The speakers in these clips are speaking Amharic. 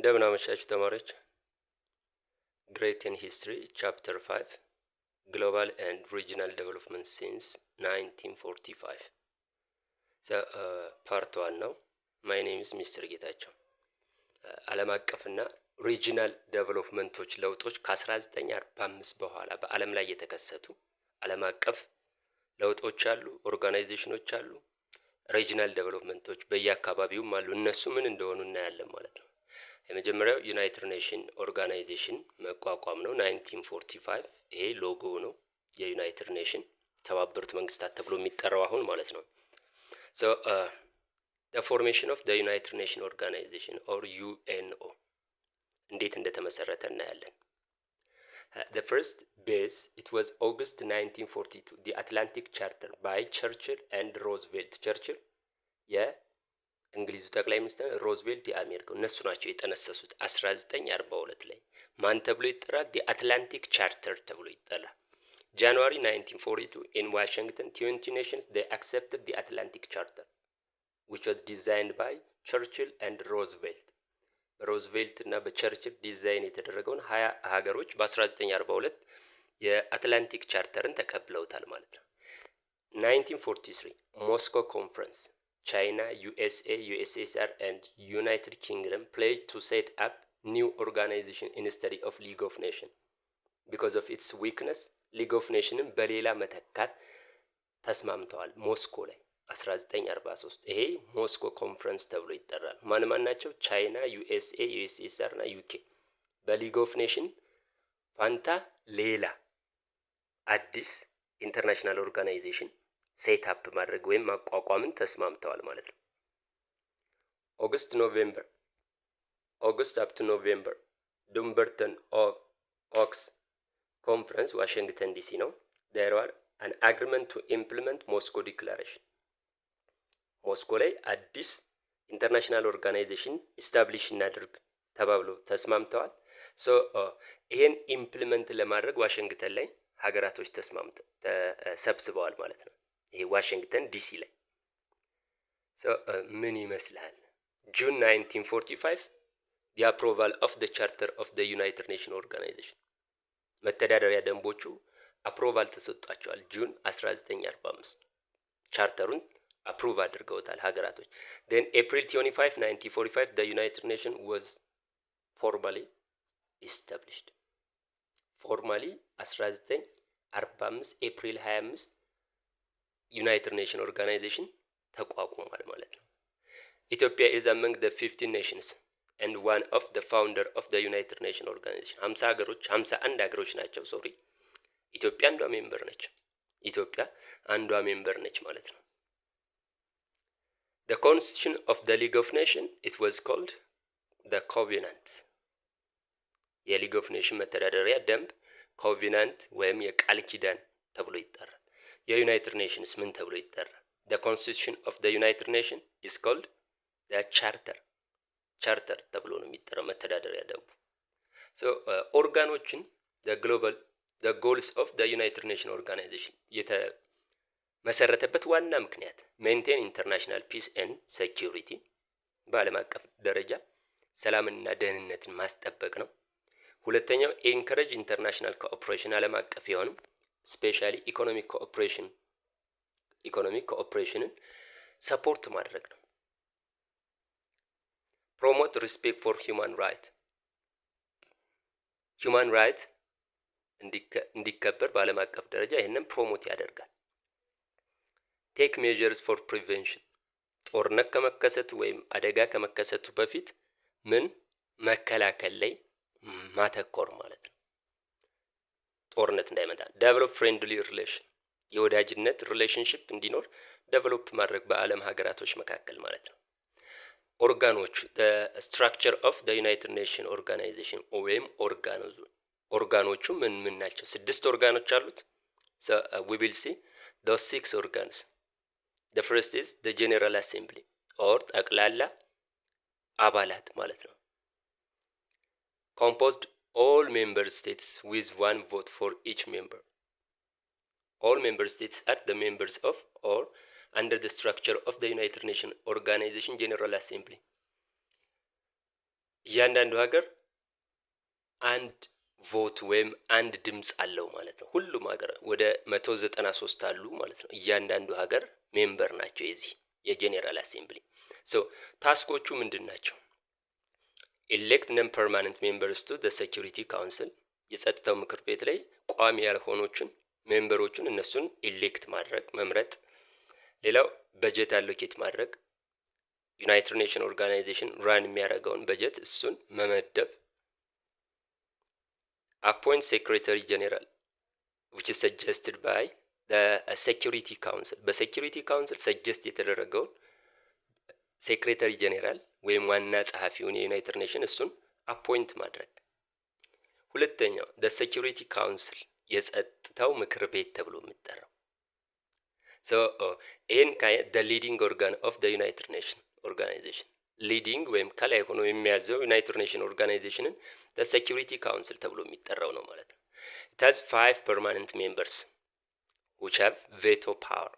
እንደምን አመሻችሁ ተማሪዎች። ግሬት ኢን ሂስትሪ ቻፕተር 5 ግሎባል ኤንድ ሪጂናል ዴቨሎፕመንት ሲንስ 1945 ፓርት ዋን ነው። ማይ ኔም ኢዝ ሚስተር ጌታቸው። uh, ዓለም አቀፍና ሪጂናል ዴቨሎፕመንቶች ለውጦች ከ1945 በኋላ በዓለም ላይ የተከሰቱ ዓለም አቀፍ ለውጦች አሉ፣ ኦርጋናይዜሽኖች አሉ፣ ሪጂናል ዴቨሎፕመንቶች በየአካባቢውም አሉ። እነሱ ምን እንደሆኑ እናያለን ማለት ነው። የመጀመሪያው ዩናይትድ ኔሽን ኦርጋናይዜሽን መቋቋም ነው። ናይንቲን ፎርቲ ፋይቭ ይሄ ሎጎ ነው የዩናይትድ ኔሽን ተባበሩት መንግስታት ተብሎ የሚጠራው አሁን ማለት ነው። ፎርሜሽን ኦፍ ዩናይትድ ኔሽን ኦርጋናይዜሽን ኦር ዩኤንኦ እንዴት እንደተመሰረተ እናያለን። ፍርስት ቤዝ ኢት ዋዝ ኦገስት 1942 አትላንቲክ ቻርተር ባይ ቸርችል ኤንድ ሮዝቬልት ቸርችል እንግሊዙ ጠቅላይ ሚኒስትር ሮዝቬልት የአሜሪካው እነሱ ናቸው የጠነሰሱት። አስራ ዘጠኝ አርባ ሁለት ላይ ማን ተብሎ ይጠራል? የአትላንቲክ ቻርተር ተብሎ ይጠራል። ጃንዋሪ 1942 ኢን ዋሽንግተን ትዌንቲ ኔሽንስ ዴ አክሴፕትድ ዲ አትላንቲክ ቻርተር ዊች ዋዝ ዲዛይንድ ባይ ቸርችል ኤንድ ሮዝቬልት በሮዝቬልት እና በቸርችል ዲዛይን የተደረገውን ሀያ ሀገሮች በ1942 የአትላንቲክ ቻርተርን ተቀብለውታል ማለት ነው። 1943 ሞስኮ ኮንፈረንስ ቻይና USA, USSR, and ዩናይትድ ኪንግደም pledged to set up new organization instead of League of Nations because of its weakness ሊግ ኦፍ ኔሽንን በሌላ መተካት ተስማምተዋል ሞስኮ ላይ 1943 ይሄ ሞስኮ ኮንፈረንስ ተብሎ ይጠራል። ማን ማን ናቸው? ቻይና፣ ዩኤስኤ፣ ዩኤስኤስአር እና ዩኬ በሊግ ኦፍ ኔሽን ፋንታ ሌላ አዲስ ኢንተርናሽናል ኦርጋናይዜሽን ሴት አፕ ማድረግ ወይም ማቋቋምን ተስማምተዋል ማለት ነው። ኦገስት ኖቬምበር ኦገስት አፕ ቱ ኖቬምበር ዱምበርተን ኦክስ ኮንፈረንስ ዋሽንግተን ዲሲ ነው። ዴር ዋር አን አግሪመንት ቱ ኢምፕሊመንት ሞስኮ ዲክላሬሽን ሞስኮ ላይ አዲስ ኢንተርናሽናል ኦርጋናይዜሽን ኢስታብሊሽ እናድርግ ተባብሎ ተስማምተዋል። ሶ ይሄን ኢምፕሊመንት ለማድረግ ዋሽንግተን ላይ ሀገራቶች ተስማምተው ተሰብስበዋል ማለት ነው። ይሄ ዋሽንግተን ዲሲ ላይ uh, ምን ይመስላል? ጁን 1945 ዲ አፕሮቫል ኦፍ ደ ቻርተር ኦፍ ደ ዩናይትድ ኔሽን ኦርጋናይዜሽን መተዳደሪያ ደንቦቹ አፕሮቫል ተሰጧቸዋል። ጁን 1945 ቻርተሩን አፕሩቭ አድርገውታል ሀገራቶች። ን ኤፕሪል 25 1945 ደ ዩናይትድ ኔሽን ወዝ ፎርማሊ ኢስታብሊሽድ ፎርማሊ 1945 ኤፕሪል 25 ዩናይትድ ኔሽን ኦርጋናይዜሽን ተቋቁሟል ማለት ነው። ኢትዮጵያ ኢዝ አመንግ ደ ፊፍቲን ኔሽንስ ኤንድ ዋን ኦፍ ደ ፋውንደር ኦፍ ደ ዩናይትድ ኔሽን ኦርጋናይዜሽን ሀምሳ ሀገሮች ሀምሳ አንድ ሀገሮች ናቸው። ሶሪ ኢትዮጵያ አንዷ ሜምበር ነች። ኢትዮጵያ አንዷ ሜምበር ነች ማለት ነው። ደ ኮንስቲቱሽን ኦፍ ደ ሊግ ኦፍ ኔሽን ኢት ዋዝ ኮልድ ደ ኮቪናንት። የሊግ ኦፍ ኔሽን መተዳደሪያ ደንብ ኮቪናንት ወይም የቃል ኪዳን ተብሎ ይጠራል። የዩናይትድ ኔሽንስ ምን ተብሎ ይጠራል? ዘ ኮንስቲቱሽን ኦፍ ዘ ዩናይትድ ኔሽን ኢዝ ኮልድ ቻርተር ቻርተር ተብሎ ነው የሚጠራው መተዳደሪያ ደንቡ። ኦርጋኖችን ግሎባል ጎልስ ኦፍ ዩናይትድ ኔሽን ኦርጋናይዜሽን የተመሰረተበት ዋና ምክንያት ሜንቴን ኢንተርናሽናል ፒስ ኤንድ ሴኪሪቲ በዓለም አቀፍ ደረጃ ሰላምንና ደህንነትን ማስጠበቅ ነው። ሁለተኛው ኤንከረጅ ኢንተርናሽናል ኮኦፕሬሽን ዓለም አቀፍ የሆኑም ስፔሻሊ ኢኮኖሚክ ኮኦፕሬሽን ኢኮኖሚክ ኮኦፕሬሽንን ሰፖርት ማድረግ ነው። ፕሮሞት ሪስፔክት ፎር ሂማን ራይት ሂማን ራይት እንዲከበር በዓለም አቀፍ ደረጃ ይህንን ፕሮሞት ያደርጋል። ቴክ ሜዥርስ ፎር ፕሪቬንሽን ጦርነት ከመከሰቱ ወይም አደጋ ከመከሰቱ በፊት ምን መከላከል ላይ ማተኮር ማለት ነው። ጦርነት እንዳይመጣ ዴቨሎፕ ፍሬንድሊ ሪሌሽን የወዳጅነት ሪሌሽንሽፕ እንዲኖር ዴቨሎፕ ማድረግ በዓለም ሀገራቶች መካከል ማለት ነው። ኦርጋኖቹ ስትራክቸር ኦፍ ዩናይትድ ኔሽን ኦርጋናይዜሽን ወይም ኦርጋኖዙ ኦርጋኖቹ ምን ምን ናቸው? ስድስት ኦርጋኖች አሉት። ዊቢል ሲ ዶ ሲክስ ኦርጋንስ ፈርስት ኢዝ ጀኔራል አሴምብሊ ኦር ጠቅላላ አባላት ማለት ነው ኮምፖዝድ all member states with one vote for each member. All member states are the members of or under the structure of the United Nations Organization General Assembly እያንዳንዱ ሀገር አንድ ቮት ወይም አንድ ድምፅ አለው ማለት ነው። ሁሉም ሀገር ወደ መቶ ዘጠና ሶስት አሉ ማለት ነው። እያንዳንዱ ሀገር ሜምበር ናቸው የዚህ የጄኔራል አሴምብሊ። ሶ ታስኮቹ ምንድን ናቸው? ኢሌክት ነን ፐርማነንት ሜምበርስ ቱ ሴኪሪቲ ካውንስል የጸጥታው ምክር ቤት ላይ ቋሚ ያልሆኖቹን ሜምበሮቹን እነሱን ኤሌክት ማድረግ መምረጥ። ሌላው በጀት አሎኬት ማድረግ ዩናይትድ ኔሽን ኦርጋናይዜሽን ራን የሚያደርገውን በጀት እሱን መመደብ። አፖይንት ሴክሬታሪ ጄኔራል ዊች ሰጀስትድ ባይ ሴኪሪቲ ካውንስል በሴኪሪቲ ካውንስል ሰጀስት የተደረገውን ሴክሬታሪ ጀኔራል። ወይም ዋና ጸሐፊውን የዩናይትድ ኔሽን እሱን አፖይንት ማድረግ። ሁለተኛው ደ ሴኪሪቲ ካውንስል የጸጥታው ምክር ቤት ተብሎ የሚጠራው ይህን ደ ሊዲንግ ኦርጋን ኦፍ ደ ዩናይትድ ኔሽን ኦርጋናይዜሽን ሊዲንግ ወይም ከላይ ሆኖ የሚያዘው ዩናይትድ ኔሽን ኦርጋናይዜሽንን ደ ሴኪሪቲ ካውንስል ተብሎ የሚጠራው ነው ማለት ነው። ኢት ሃዝ ፋይቭ ፐርማነንት ሜምበርስ ዊች ሃቭ ቬቶ ፓወር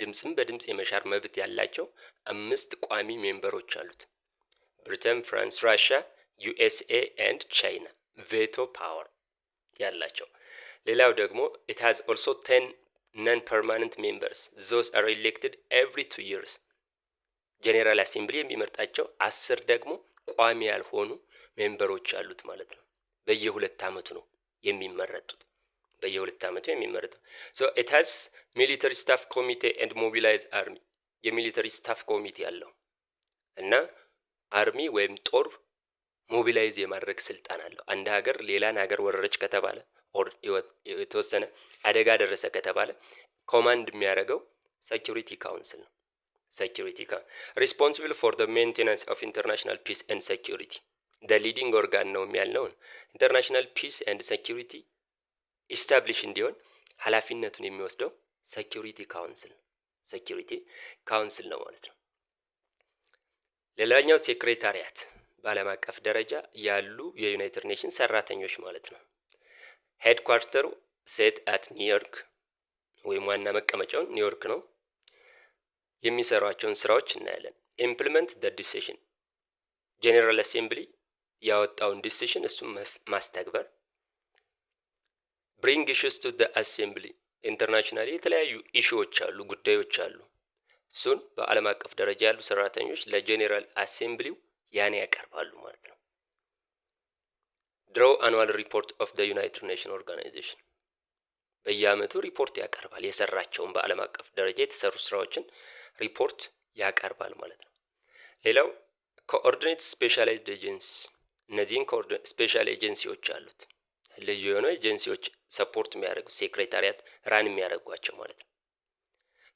ድምፅም በድምፅ የመሻር መብት ያላቸው አምስት ቋሚ ሜምበሮች አሉት። ብሪተን፣ ፍራንስ፣ ራሽያ፣ ዩኤስኤ ኤንድ ቻይና ቬቶ ፓወር ያላቸው። ሌላው ደግሞ ኢት ሀዝ ኦልሶ ቴን ነን ፐርማነንት ሜምበርስ ዞስ አር ኤሌክትድ ኤቭሪ ቱ ይርስ። ጄኔራል አሴምብሊ የሚመርጣቸው አስር ደግሞ ቋሚ ያልሆኑ ሜምበሮች አሉት ማለት ነው። በየሁለት ዓመቱ ነው የሚመረጡት። በየሁለት ዓመቱ የሚመረጠው ኢት ሃዝ ሚሊተሪ ስታፍ ኮሚቴ ኤንድ ሞቢላይዝ አርሚ የሚሊተሪ ስታፍ ኮሚቴ አለው እና አርሚ ወይም ጦር ሞቢላይዝ የማድረግ ስልጣን አለው። አንድ ሀገር ሌላን ሀገር ወረረች ከተባለ ኦር የተወሰነ አደጋ ደረሰ ከተባለ ኮማንድ የሚያደርገው ሴኪሪቲ ካውንስል ነው። ሴኪሪቲ ካውንስል ሪስፖንሲብል ፎር ደ ሜንቴናንስ ኦፍ ኢንተርናሽናል ፒስ ኤንድ ሴኪሪቲ ደ ሊዲንግ ኦርጋን ነው የሚያልነውን ኢንተርናሽናል ፒስ ኤንድ ሴኪሪቲ ኢስታብሊሽ እንዲሆን ኃላፊነቱን የሚወስደው ሴኪሪቲ ካውንስል ሴኪሪቲ ካውንስል ነው ማለት ነው። ሌላኛው ሴክሬታሪያት በዓለም አቀፍ ደረጃ ያሉ የዩናይትድ ኔሽንስ ሰራተኞች ማለት ነው። ሄድኳርተሩ ሴት አት ኒውዮርክ ወይም ዋና መቀመጫውን ኒውዮርክ ነው። የሚሰሯቸውን ስራዎች እናያለን። ኢምፕሊመንት ደ ዲሲሽን ጄኔራል አሴምብሊ ያወጣውን ዲሲሽን እሱም ማስተግበር ብሪንግ ኢሹስ ቱ አሴምብሊ ኢንተርናሽናል የተለያዩ ኢሹዎች አሉ፣ ጉዳዮች አሉ። እሱን በዓለም አቀፍ ደረጃ ያሉ ሰራተኞች ለጄኔራል አሴምብሊው ያኔ ያቀርባሉ ማለት ነው። ድሮው አኑዋል ሪፖርት ኦፍ ደ ዩናይትድ ኔሽን ኦርጋናይዜሽን በየአመቱ ሪፖርት ያቀርባል። የሰራቸውን በዓለም አቀፍ ደረጃ የተሰሩ ስራዎችን ሪፖርት ያቀርባል ማለት ነው። ሌላው ኮኦርዲኔት ስፔሻላይዝድ ኤጀንሲ፣ እነዚህን ስፔሻል ኤጀንሲዎች አሉት። ልዩ የሆነ ኤጀንሲዎች ሰፖርት የሚያደርጉ ሴክሬታሪያት ራን የሚያደርጓቸው ማለት ነው።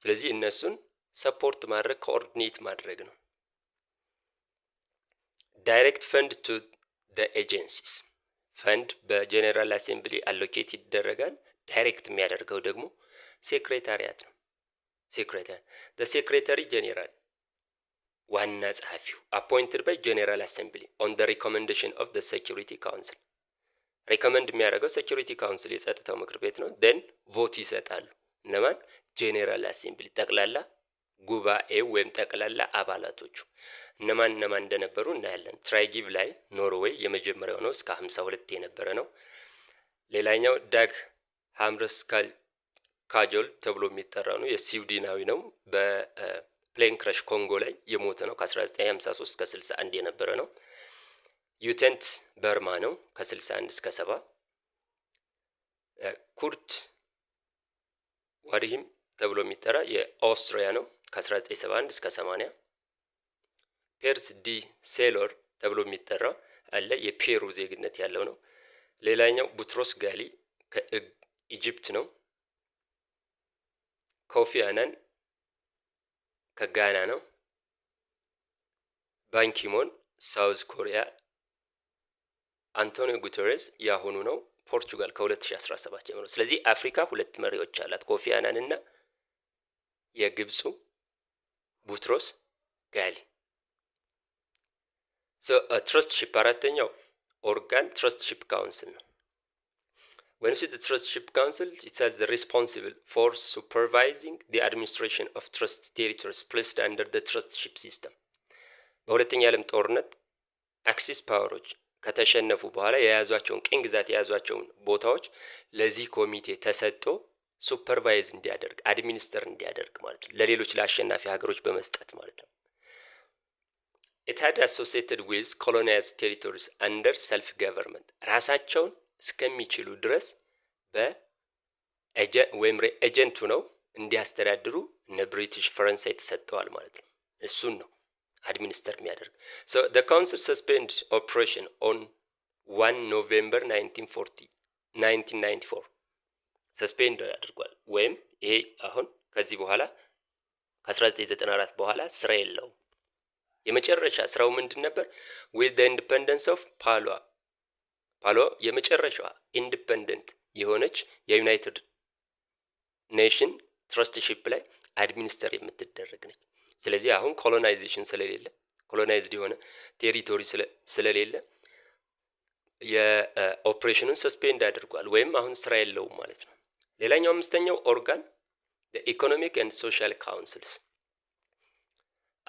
ስለዚህ እነሱን ሰፖርት ማድረግ ኮኦርዲኔት ማድረግ ነው። ዳይሬክት ፈንድ ቱ ኤጀንሲስ ፈንድ በጄኔራል አሴምብሊ አሎኬት ይደረጋል። ዳይሬክት የሚያደርገው ደግሞ ሴክሬታሪያት ነው። ሴክሬታሪ ሴክሬታሪ ጄኔራል ዋና ጸሐፊው አፖይንትድ ባይ ጄኔራል አሴምብሊ ኦን ደ ኦፍ ደ ሴኪሪቲ ካውንስል ሪኮመንድ የሚያደርገው ሴኪሪቲ ካውንስል የጸጥታው ምክር ቤት ነው። ደን ቮት ይሰጣሉ። እነማን? ጄኔራል አሴምብሊ ጠቅላላ ጉባኤው ወይም ጠቅላላ አባላቶቹ እነማን እነማን እንደነበሩ እናያለን። ትራይጊቭ ላይ ኖርዌይ የመጀመሪያው ነው፣ እስከ ሁለት የነበረ ነው። ሌላኛው ዳግ ሀምረስ ካጆል ተብሎ የሚጠራው ነው፣ የስዊድናዊ ነው። በፕሌን ክራሽ ኮንጎ ላይ የሞተ ነው። ከ1953 እስከ 61 የነበረ ነው። ዩቴንት በርማ ነው ከ61 እስከ 70። ኩርት ዋድሂም ተብሎ የሚጠራ የኦስትሪያ ነው ከ1971 እስከ 80። ፔርስ ዲ ሴሎር ተብሎ የሚጠራ አለ የፔሩ ዜግነት ያለው ነው። ሌላኛው ቡትሮስ ጋሊ ከኢጅፕት ነው። ኮፊ አናን ከጋና ነው። ባንኪሞን ሳውዝ ኮሪያ አንቶኒዮ ጉተሬዝ የአሁኑ ነው። ፖርቹጋል ከ2017 ጀምሮ። ስለዚህ አፍሪካ ሁለት መሪዎች አላት፣ ኮፊ አናን እና የግብፁ ቡትሮስ ጋሊ። ትረስት ሺፕ uh, አራተኛው ኦርጋን ትረስት ሺፕ ካውንስል ነው። ዌን ትረስት ሺፕ ካውንስል ኢትስ ዘ ሪስፖንሲብል ፎር ሱፐርቫይዚንግ ዲ አድሚኒስትሬሽን ኦፍ ትረስት ቴሪቶሪስ ፕሌስድ አንደር ዘ ትረስት ሺፕ ሲስተም። በሁለተኛ ዓለም ጦርነት አክሲስ ፓወሮች ከተሸነፉ በኋላ የያዟቸውን ቅኝ ግዛት የያዟቸውን ቦታዎች ለዚህ ኮሚቴ ተሰጥቶ ሱፐርቫይዝ እንዲያደርግ አድሚኒስተር እንዲያደርግ ማለት ነው። ለሌሎች ለአሸናፊ ሀገሮች በመስጠት ማለት ነው። ኢት ሃድ አሶሲየትድ ዊዝ ኮሎናይዝ ቴሪቶሪስ አንደር ሰልፍ ገቨርንመንት ራሳቸውን እስከሚችሉ ድረስ በወይም ኤጀንቱ ነው እንዲያስተዳድሩ እነ ብሪቲሽ ፈረንሳይ ተሰጥተዋል ማለት ነው። እሱን ነው አድሚኒስተር የሚያደርግ ካውንስል ሰስፔንድ ኦፕሬሽን ኦን ዋን ኖቬምበር 1994 ሰስፔንድ አድርጓል። ወይም ይሄ አሁን ከዚህ በኋላ ከ1994 በኋላ ስራ የለውም። የመጨረሻ ስራው ምንድን ነበር? ዊዝ ዘ ኢንዲፐንደንስ ኦፍ ፓሎ ፓሎ የመጨረሻዋ ኢንዲፐንደንት የሆነች የዩናይትድ ኔሽን ትረስትሺፕ ላይ አድሚኒስተር የምትደረግ ነች። ስለዚህ አሁን ኮሎናይዜሽን ስለሌለ ኮሎናይዝድ የሆነ ቴሪቶሪ ስለሌለ የኦፕሬሽኑን ሰስፔንድ አድርጓል ወይም አሁን ስራ የለውም ማለት ነው። ሌላኛው አምስተኛው ኦርጋን ኢኮኖሚክ ኤንድ ሶሻል ካውንስልስ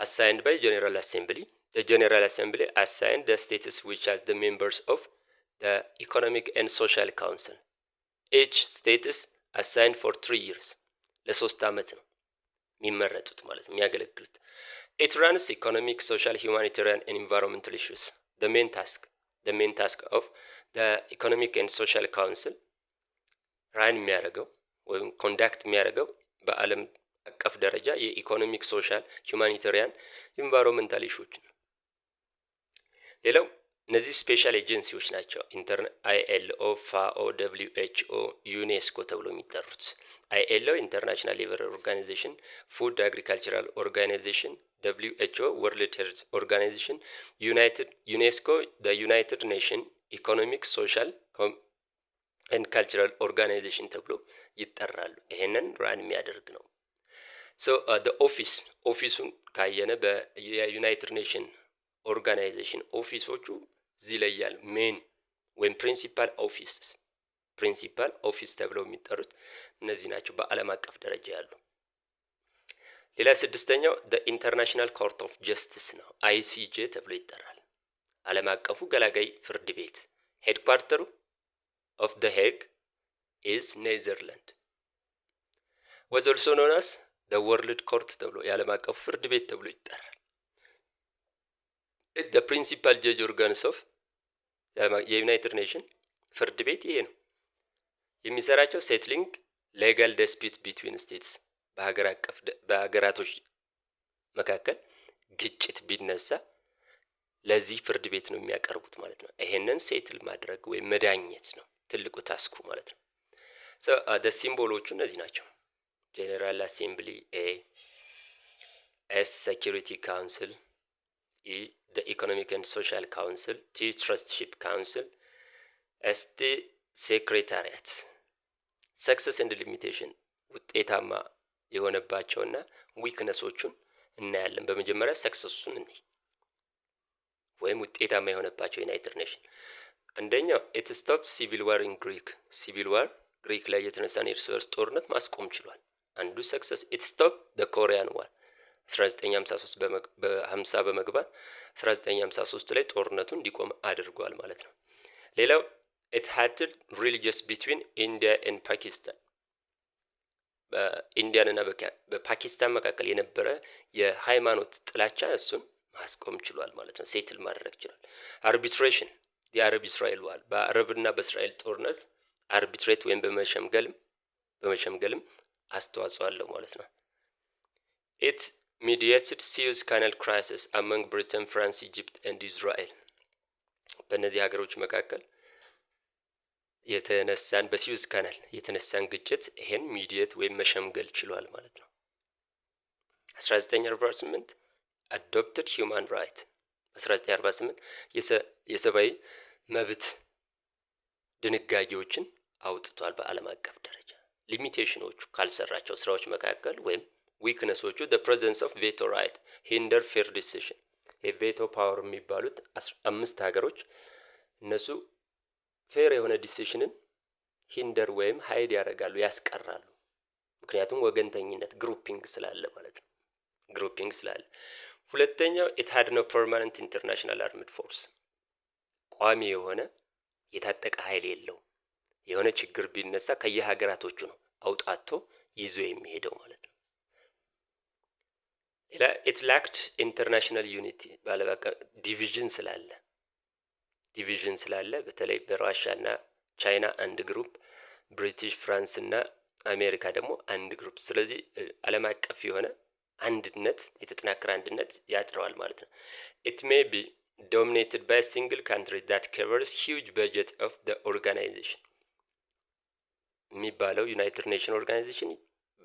አሳይንድ ባይ ጀኔራል አሴምብሊ ጀኔራል አሴምብሊ አሳይንድ ስቴትስ ዊች ሃዝ ሜምበርስ ኦፍ ኢኮኖሚክ ኤንድ ሶሻል ካውንስል ኤች ስቴትስ አሳይንድ ፎር ትሪ ይርስ ለሶስት አመት ነው። የሚመረጡት ማለት የሚያገለግሉት ኢት ራንስ ኢኮኖሚክ ሶሻል ሂውማኒታሪያን ኢንቫይሮንመንታል ኢሹስ ዘ ሜን ታስክ ዘ ሜን ታስክ ኦፍ ኢኮኖሚክ ኤንድ ሶሻል ካውንስል ራን የሚያደርገው ወይም ኮንዳክት የሚያደርገው በዓለም አቀፍ ደረጃ የኢኮኖሚክ ሶሻል ሂውማኒታሪያን ኢንቫይሮንመንታል ኢሹዎች ነው። ሌላው እነዚህ ስፔሻል ኤጀንሲዎች ናቸው። ኢንተርና አይኤልኦ፣ ፋኦ፣ ደብሊዩ ኤችኦ፣ ዩኔስኮ ተብሎ የሚጠሩት አይኤልኦ ኢንተርናሽናል ሌበር ኦርጋናይዜሽን፣ ፉድ አግሪካልቸራል ኦርጋናይዜሽን፣ ደብሊው ኦ ወርልድ ሄልዝ ኦርጋናይዜሽን፣ ዩናይትድ ዩኔስኮ፣ ዩናይትድ ኔሽን ኢኮኖሚክ ሶሻል ኤንድ ካልቸራል ኦርጋናይዜሽን ተብሎ ይጠራሉ። ይሄንን ራን የሚያደርግ ነው። ሶ ኦፊስ ኦፊሱን ካየነ የዩናይትድ ኔሽን ኦርጋናይዜሽን ኦፊሶቹ እዚህ ሜን ወይም ፕሪንሲፓል ኦፊስ ፕሪንሲፓል ኦፊስ ተብለው የሚጠሩት እነዚህ ናቸው በዓለም አቀፍ ደረጃ ያሉ። ሌላ ስድስተኛው ኢንተርናሽናል ኮርት ኦፍ ጀስቲስ ነው። አይሲጄ ተብሎ ይጠራል። ዓለም አቀፉ ገላጋይ ፍርድ ቤት ሄድኳርተሩ ኦፍ ደ ሄግ ኢዝ ኔዘርላንድ ወዝ ኦልሶ ደ ወርልድ ኮርት ተብሎ የዓለም አቀፉ ፍርድ ቤት ተብሎ ይጠራል። ደ ፕሪንሲፓል ጀጅ ኦርጋንስ ኦፍ የዩናይትድ ኔሽን ፍርድ ቤት ይሄ ነው። የሚሰራቸው ሴትሊንግ ሌጋል ዲስፒት ቢትዊን ስቴትስ በሀገር አቀፍ በሀገራቶች መካከል ግጭት ቢነሳ ለዚህ ፍርድ ቤት ነው የሚያቀርቡት ማለት ነው። ይሄንን ሴትል ማድረግ ወይም መዳኘት ነው ትልቁ ታስኩ ማለት ነው። ሲምቦሎቹ uh, እነዚህ ናቸው። ጄኔራል አሴምብሊ ኤ፣ ኤስ ሴኪሪቲ ካውንስል፣ ኢ ኢኮኖሚክ ኤንድ ሶሻል ካውንስል፣ ቲ ትረስትሺፕ ካውንስል፣ ኤስቲ ሴክሬታሪያት ሰክሰስ ኤንድ ሊሚቴሽን ውጤታማ የሆነባቸውና ዊክነሶቹን እናያለን። በመጀመሪያ ሰክሰሱን እንይ ወይም ውጤታማ የሆነባቸው ዩናይትድ ኔሽን አንደኛው ኢት ስቶፕ ሲቪል ዋር ኢን ግሪክ ሲቪል ዋር ግሪክ ላይ የተነሳን የእርስ በርስ ጦርነት ማስቆም ችሏል። አንዱ ሰክሰስ ኢት ስቶፕ ደ ኮሪያን ዋር 1953 በ50 በመግባት 1953 ላይ ጦርነቱ እንዲቆም አድርጓል ማለት ነው። ሌላው ኢትሃትል ሪሊጂየስ ቢትዊን ኢንዲያ ን ፓኪስታን በኢንዲያንና በፓኪስታን መካከል የነበረ የሃይማኖት ጥላቻ እሱን ማስቆም ችሏል ማለት ነው። ሴትል ማድረግ ችሏል። አርቢትሬሽን የአረብ እስራኤል ዋል በአረብና በእስራኤል ጦርነት አርቢትሬት ወይም በመሸምገልም በመሸምገልም አስተዋጽኦ አለው ማለት ነው። ኢት ሚዲየትድ ሲዩዝ ካናል ክራይሲስ አመንግ ብሪተን፣ ፍራንስ፣ ኢጂፕት ኤንድ ኢዝራኤል በእነዚህ ሀገሮች መካከል የተነሳን በሲዩዝ ካናል የተነሳን ግጭት ይሄን ሚዲየት ወይም መሸምገል ችሏል ማለት ነው። 1948 አዶፕትድ ሂውማን ራይት 1948 የሰብአዊ መብት ድንጋጌዎችን አውጥቷል። በዓለም አቀፍ ደረጃ ሊሚቴሽኖቹ ካልሰራቸው ስራዎች መካከል ወይም ዊክነሶቹ ደ ፕሬዘንስ ኦፍ ቬቶ ራይት ሂንደር ፌር ዲሲሽን የቬቶ ፓወር የሚባሉት አምስት ሀገሮች እነሱ ፌር የሆነ ዲሲሽንን ሂንደር ወይም ሀይድ ያደርጋሉ፣ ያስቀራሉ። ምክንያቱም ወገንተኝነት ግሩፒንግ ስላለ ማለት ነው። ግሩፒንግ ስላለ ሁለተኛው ሀድ ነው ፐርማነንት ኢንተርናሽናል አርምድ ፎርስ ቋሚ የሆነ የታጠቀ ኃይል የለው። የሆነ ችግር ቢነሳ ከየሀገራቶቹ ነው አውጣቶ ይዞ የሚሄደው ማለት ነው። ሌላ ኢት ላክድ ኢንተርናሽናል ዩኒቲ ባለበቃ ዲቪዥን ስላለ ዲቪዥን ስላለ በተለይ በራሻና ቻይና አንድ ግሩፕ፣ ብሪቲሽ ፍራንስና አሜሪካ ደግሞ አንድ ግሩፕ። ስለዚህ ዓለም አቀፍ የሆነ አንድነት የተጠናከረ አንድነት ያጥረዋል ማለት ነው። ኢት ሜይ ቢ ዶሚኔትድ ባይ ሲንግል ካንትሪ ዳት ከቨርስ ሂውጅ በጀት ኦፍ ደ ኦርጋናይዜሽን የሚባለው ዩናይትድ ኔሽን ኦርጋናይዜሽን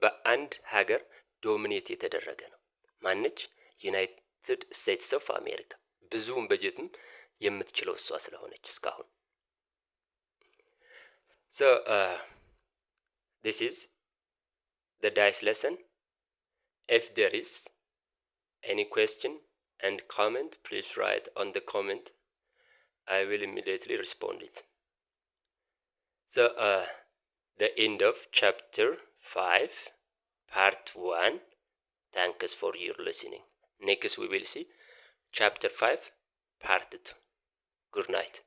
በአንድ ሀገር ዶሚኔት የተደረገ ነው። ማነች? ዩናይትድ ስቴትስ ኦፍ አሜሪካ ብዙውን በጀትም So uh, this is the dice lesson. If there is any question and comment, please write on the comment. I will immediately respond it. So, uh, the end of chapter 5, part 1. Thank Thanks for your listening. Next, we will see chapter 5, part 2. Good night.